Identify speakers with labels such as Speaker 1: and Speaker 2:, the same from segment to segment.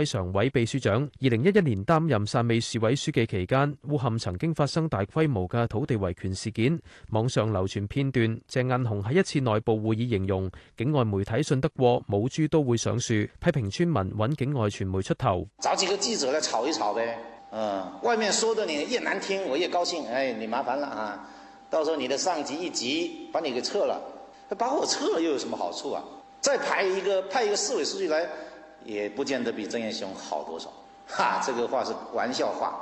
Speaker 1: 委常委秘書長，二零一一年擔任汕尾市委書記期間，烏坎曾經發生大規模嘅土地維權事件，網上流傳片段。鄭雁雄喺一次內部會議形容，境外媒體信得過，母豬都會上樹，批評村民揾境外傳媒出頭。
Speaker 2: 找幾個記者來吵一吵唄，外面說得你越難聽，我越高興。哎，你麻煩了啊，到時候你的上級一急，把你給撤了。他把我撤了又有什麼好處啊？再派一個派一個市委書記來。也不見得比鄭雁雄好多少，哈，這個話是玩笑話，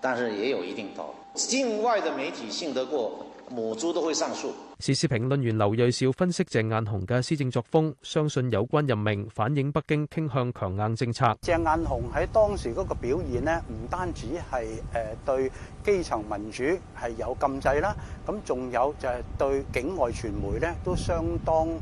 Speaker 2: 但是也有一定道理。境外的媒體信得過，母豬都會上樹。
Speaker 1: 時事評論員劉銳紹分析鄭雁雄嘅施政作風，相信有關任命反映北京傾向強硬政策。鄭
Speaker 2: 雁雄喺當時嗰個表現呢，唔單止係誒對基層民主係有禁制啦，咁仲有就係對境外傳媒咧都相當誒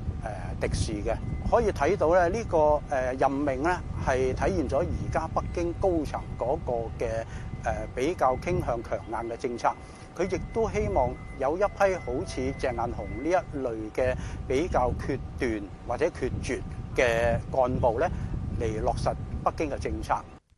Speaker 2: 敵視嘅。可以睇到咧，呢個誒任命咧係體現咗而家北京高層嗰個嘅誒比較傾向強硬嘅政策。佢亦都希望有一批好似鄭雁雄呢一類嘅比較決斷或者決絕嘅幹部咧，嚟落實北京嘅政
Speaker 1: 策。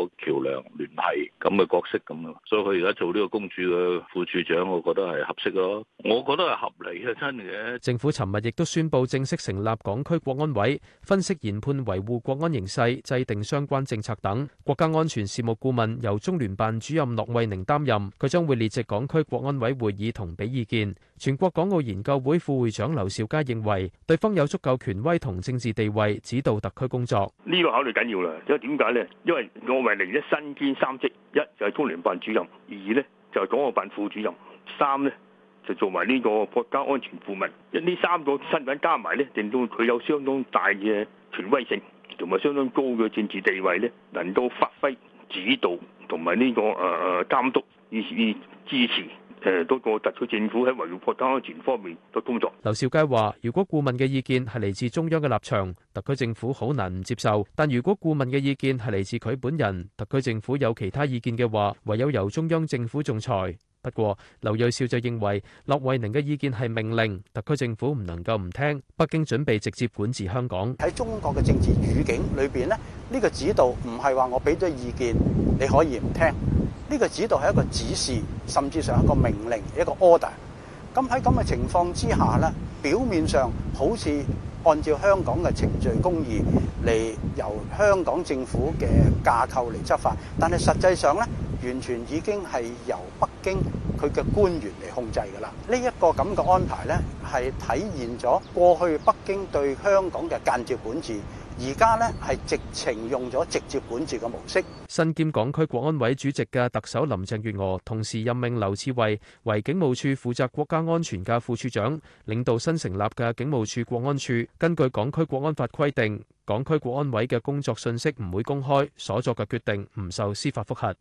Speaker 3: 個橋樑聯繫咁嘅角色咁啊，所以佢而家做呢個公署嘅副署長，我覺得係合適咯。
Speaker 1: 我覺得係合理嘅，真嘅。政府尋日亦都宣布正式成立港區國安委，分析研判維護國安形勢，制定相關政策等。國家安全事務顧問由中聯辦主任駱惠寧擔任，佢將會列席港區國安委會議同俾意見。全國港澳研究會副會長劉兆佳認為，對方有足夠權威同政治地位，指導特區工作。
Speaker 3: 呢個考慮緊要啦，因為點解呢？因為我。嚟呢身兼三職，一就係中聯辦主任，二呢就係港澳辦副主任，三呢就做埋呢個國家安全顧問。呢三個身份加埋呢，令到佢有相當大嘅權威性，同埋相當高嘅政治地位呢，能夠發揮指導同埋呢個誒誒監督與與支持，誒多個特區政府喺維護國家安全方面嘅工作。
Speaker 1: 劉兆佳話，如果顧問嘅意見係嚟自中央嘅立場，特區政府好難唔接受；但如果顧問嘅意見係嚟自佢本人，特區政府有其他意見嘅話，唯有由中央政府仲裁。不過，劉銳紹就認為，駱惠寧嘅意見係命令，特區政府唔能夠唔聽。北京準備直接管治香港。
Speaker 2: 喺中國嘅政治語境裏邊咧，呢個指導唔係話我俾咗意見，你可以唔聽。呢個指導係一個指示，甚至上一個命令，一個 order。咁喺咁嘅情況之下咧，表面上好似按照香港嘅程序公義嚟由香港政府嘅架構嚟執法，但係實際上咧，完全已經係由北京佢嘅官員嚟控制㗎啦。呢一個咁嘅安排咧，係體現咗過去北京對香港嘅間接管治。而家呢，係直情用咗直接管治嘅模
Speaker 1: 式。新兼港區國安委主席嘅特首林鄭月娥，同時任命劉賜蕙為，為警務處負責國家安全嘅副處長，領導新成立嘅警務處國安處。根據港區國安法規定，港區國安委嘅工作信息唔會公開，所作嘅決定唔受司法覆核。